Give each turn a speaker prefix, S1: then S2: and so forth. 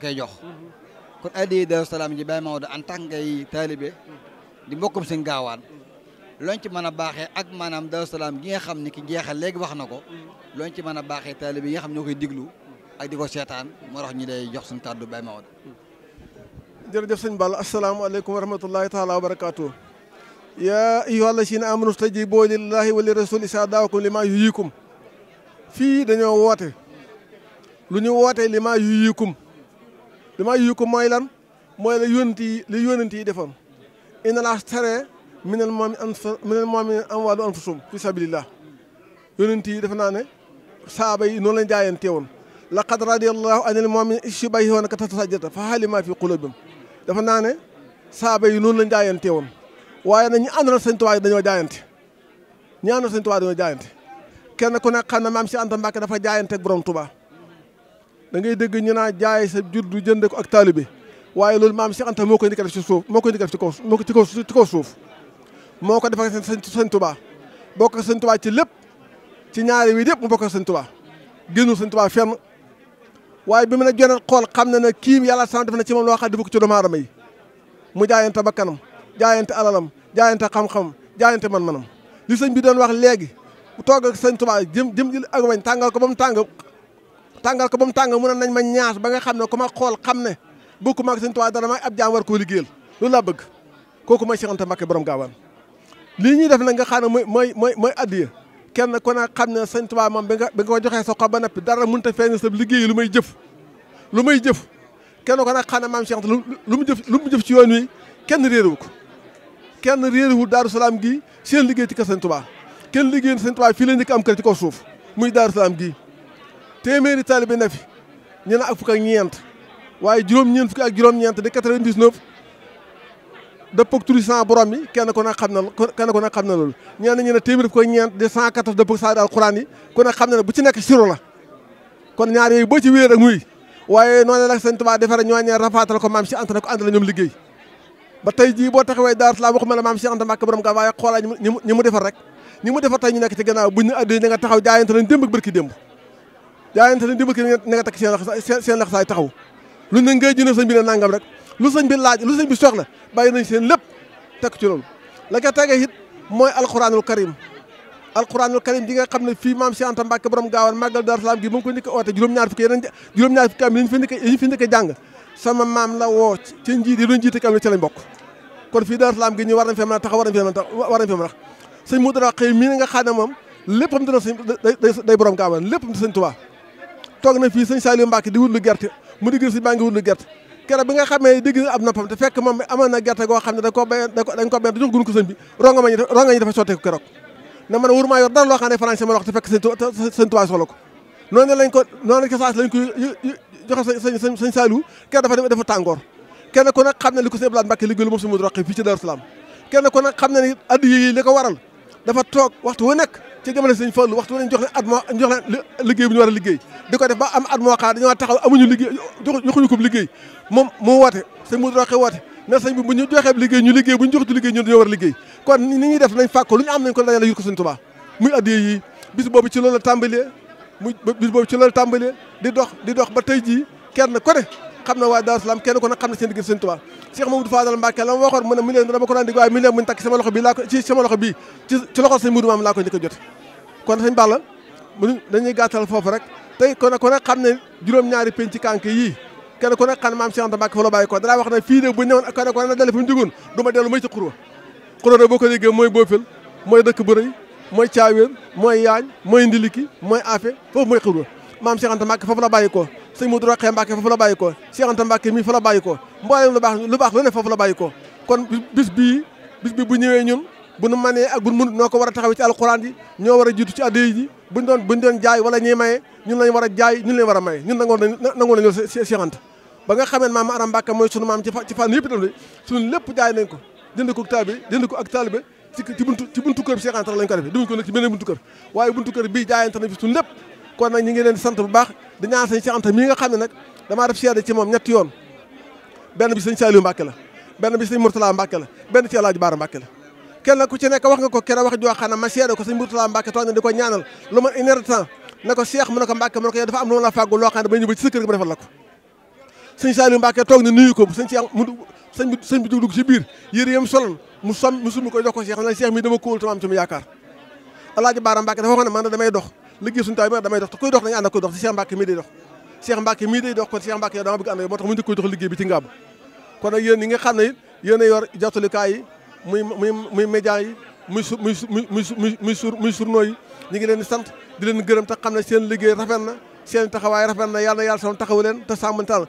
S1: nga koy jox kon addiye Daaru Salaam ji Baye Maodo en tant que ngay taalibe di mbokkum si gaawaan loñ ci man a baaxee ak maanaam Daaru Salaam gi nga xam ni ki jeexal léegi wax na ko loñ ci man a baaxee taalibe yi nga xam ne koy diglu ak di ko seetaan moo tax ñu lay jox suñu kàddu Baye Maodo jërëjëf sëñ Balla asalaamaaleykum wa rahmatullahi taala wa barakaatu yaa ayyuha allazina amanu stajibu lillahi wa li rasuli saa daawakum li maa yuyikum fii dañoo woote lu ñu wootee li maa yuyikum damaa yu ko mooy lan mooy la yónent yi li yónent yi defoon inna laa shtara minal mu'miniina amwaalahum wa anfusahum fi sabilillah yónent yi defe naa ne saaba yi noonu lañ jaayante woon laqad radiyallahu anil mu'miniina idh yubayi'uunaka tahta shajarata fa 'alima maa fi quluubihim dafa naa ne saaba yi noonu lañ jaayante woon waaye nag ñi àndoon Sëñ Tuubaa dañoo jaayante ñi àndoon Sëñ Tuubaa dañoo jaayante kenn ku ne xam ne maam si Anta Mbàkke dafa jaayante ak borom Tuubaa da ngay dégg ñu naa jaay sa du jënd ko ak taalibe waaye loolu maam Cheikh moo ko njëkk a def ci suuf moo ko njëkk a def ci kaw ko suuf moo ko def ak sëñ Tuubaa bokk ak sëñ Tuubaa ci lépp ci ñaari wi yëpp mu bokk ko sëñ Tuubaa génnul sëñ Tuubaa fenn waaye bi mu ne joneen xool xam na ne kii yàlla sama def na ci moom loo xam ne ko ci doomu aadama yi mu jaayante bakkanam jaayante alalam jaayante xam-xam jaayante man-manam li sëñ bi doon wax léegi toog ak sëñ Tuubaa jëm jëm ak wañ tàngal ko ba mu tàng tàngal ko ba mu tàng mënoon nañ ma ñaas ba nga xam ne ko ma xool xam ne bokku maag Sëñ Tuubaa dara may ab jaam war koo liggéeyal loolu laa bëgg kooku ma Cheikh Anta Mbacké borom lii ñuy def nag nga xam mooy mooy mooy mooy addiya kenn ku ne xam ne Sëñ Tuubaa moom nga bi nga ko joxee soo xol ba noppi dara mënut a feeñ sa liggéey lu may jëf lu may jëf kenn ko na xam ne maam Cheikh Anta lu mu jëf lu mu jëf ci yoon wi kenn réeréwu ko kenn réeréwu Daaru Salaam gi seen liggéey ci kër Sëñ Tuubaa kenn liggéey Sëñ Tuubaa fii la njëkk am kër ci kaw suuf muy Daaru Salaam gi téeméeri taalibe ne fi ñu ak fukk ñeent waaye juróom-ñeent fukki ak juróom-ñeent di 99 dëppog turi cent borom yi kenn ku ne xam na kenn ku ne xam na loolu ñenn ñu ne téeméeri fukk ak ñeent di 114 dëppog saa daal Alxuraan yi ku ne xam na ne bu ci nekk siro la kon ñaar yooyu boo ci wéer ak muy waaye noonu la sëñ Tuubaa defare ñooñee rafaatal ko maam si Anta ne ko ànd la ñoom liggéey ba tey jii boo taxawee Daaru Salaam waxuma la maam jaayante ne dibal ki na nga takk seen seen laxasaay taxaw luñ ne ngay jënd sëñ bi ne nangam rek lu sëñ bi laaj lu sëñ bi soxla bàyyi nañ seen lépp tekk ci loolu la nga tegee it mooy alxuraanul karim alxuraanul karim ji nga xam ne fii maam si Anta Mbàkke borom gaawaan màggal Daaru Salaam gi mu ngi ko njëkk a oote juróom-ñaar fukki yeneen juróom-ñaar fukki am yi ñu fi njëkk yi ñu a jàng sama maam la woo ci njiit yi doon kam ne ci bokk kon fii Daaru Salaam gi ñu war nañ fee a taxaw war nañ a taxaw a taxaw sëñ Moudou Rakhey mii nga xam ne moom léppam dina sëñ day borom gaawaan léppam di sëñ Tuubaa toog na fii sëñ Saliou Mbacke di wut lu gerte mu digg si maa ngi gerte keroog bi nga xamee digg ab noppam te fekk moom amoon na gerte goo xam ne dañ ko bay dañ ko bay jox gun ko sëñ bi ronga mañ ronga ñi dafa sotteeku keroog na man wur maa yor dara loo xam ne français ma wax te fekk sëñ Tuubaa soxla ko noonu lañ ko noonu lañ ko saas ko sëñ sëñ Saliou dafa dem dafa tàngoor kenn ku nag xam ne li ko sëñ Abdoulaye Mbacke liggéey lu moom suñu roqi fii ci Darou dafa toog waxtu wu nekk ci jamono sëñ Fallu waxtu wu nekk jox leen at moo jox liggéey bu ñu war a liggéey di ko def ba am at moo xaar dañoo taxaw amuñu liggéey joxuñu ko liggéey moom mu woote sëñ mu roxe woote ne sëñ bi bu ñu joxee liggéey ñu liggéey bu ñu joxatu liggéey ñun dañoo war a liggéey kon ni ñuy def nañ fàkk lu ñu am nañ ko dajale yu ko sëñ Tuubaa muy addiyee yi boobu ci loolu la tàmbalee muy bis boobu ci tàmbalee di dox di dox ba tey jii kenn ko ne xam na waa Daaru ne xam na seen digg sëñ Tuubaa Cheikh Mamadou Fadal Mbacke la ma waxoon mu ne million dama ko daan dig waaye million bu ñu takk sama loxo bii laa ko ci sama loxo bii ci ci loxo sëñ Moudou Maam laa ko njëkk jot kon sëñ Balla mu dañuy gàttal foofu rek tey kon ku ne xam ne juróom-ñaari penc kànk yii kenn ku ne xam ne maam Cheikh Anta Mbacke fa la bàyyi ko danaa wax ne fii de bu ñëwoon kenn ku ne na dale fu ñu jugoon du ma dellu may ci xurwa xurwa de ko déggee mooy boofil mooy dëkk bu rëy mooy caawéen mooy yaañ mooy ndiliki mooy afe foofu mooy xurwa maam Cheikh sëñ Modou Rokhaya Mbacke foofu la bàyyi ko Cheikh Anta Mbacke mii fa la bàyyi ko mboolem lu baax lu baax lu ne foofu la bàyyi ko kon bis bii bu ñëwee ñun bu nu manee ak bu nu mënut noo ko war a taxawee ci alxuraan yi ñoo war a jiitu ci addiya ji buñ jaay wala ñuy maye ñun lañ war a jaay ñun lañ war a maye ñun nangoo nañ nangoo nañ loolu ba nga xamee maam Aram Mbacke mooy sunu maam ci ci fànn yëpp itam suñu lépp jaay nañ ko jënd ko taalibe jënd ko ak taalibe ci buntu ci buntu kër bi Cheikh Anta kon nag ñu ngi leen di sant bu baax di ñaan sëñ Cheikh Anta mii nga xam ne nag damaa def seede ci moom ñetti yoon benn bi sëñ Saliou Mbacke la benn bi sëñ Mourtala Mbacke la benn ci El Hadj Baara Mbacke la kenn ku ci nekk wax nga ko kere wax joo xam ne ma seede ko sëñ Mourtala Mbacke toog na di ko ñaanal lu ma une heure de temps ne ko Cheikh mu ne ko Mbacke mu ne ko yow dafa am lu ma la fàggu loo xam ne ba ñëw ci sa kër ma defal la ko sëñ Saliou Mbacke toog na nuyu ko sëñ Cheikh mu sëñ bi sëñ bi dugg ci biir yére yam solon mu som mu summi ko jox ko Cheikh na Cheikh mi dama kóol tamaam ci mu yaakaar El Hadj Baara Mbacke dafa wax ne man damay dox liggéey suñu taalibe damay dox te koy dox dañu ànd ak koy dox si Cheikh Mbacke mii day dox Cheikh Mbacke mii day dox kon Cheikh Mbacke yow dama bëgg ànd moo tax a muy muy muy média yi muy su muy muy muy sur muy journaux yi ñu ngi leen di sant di leen gërëm te xam ne seen liggéey rafet na seen taxawaay rafet na yàlla na yàlla soon taxawu leen te sàmmantal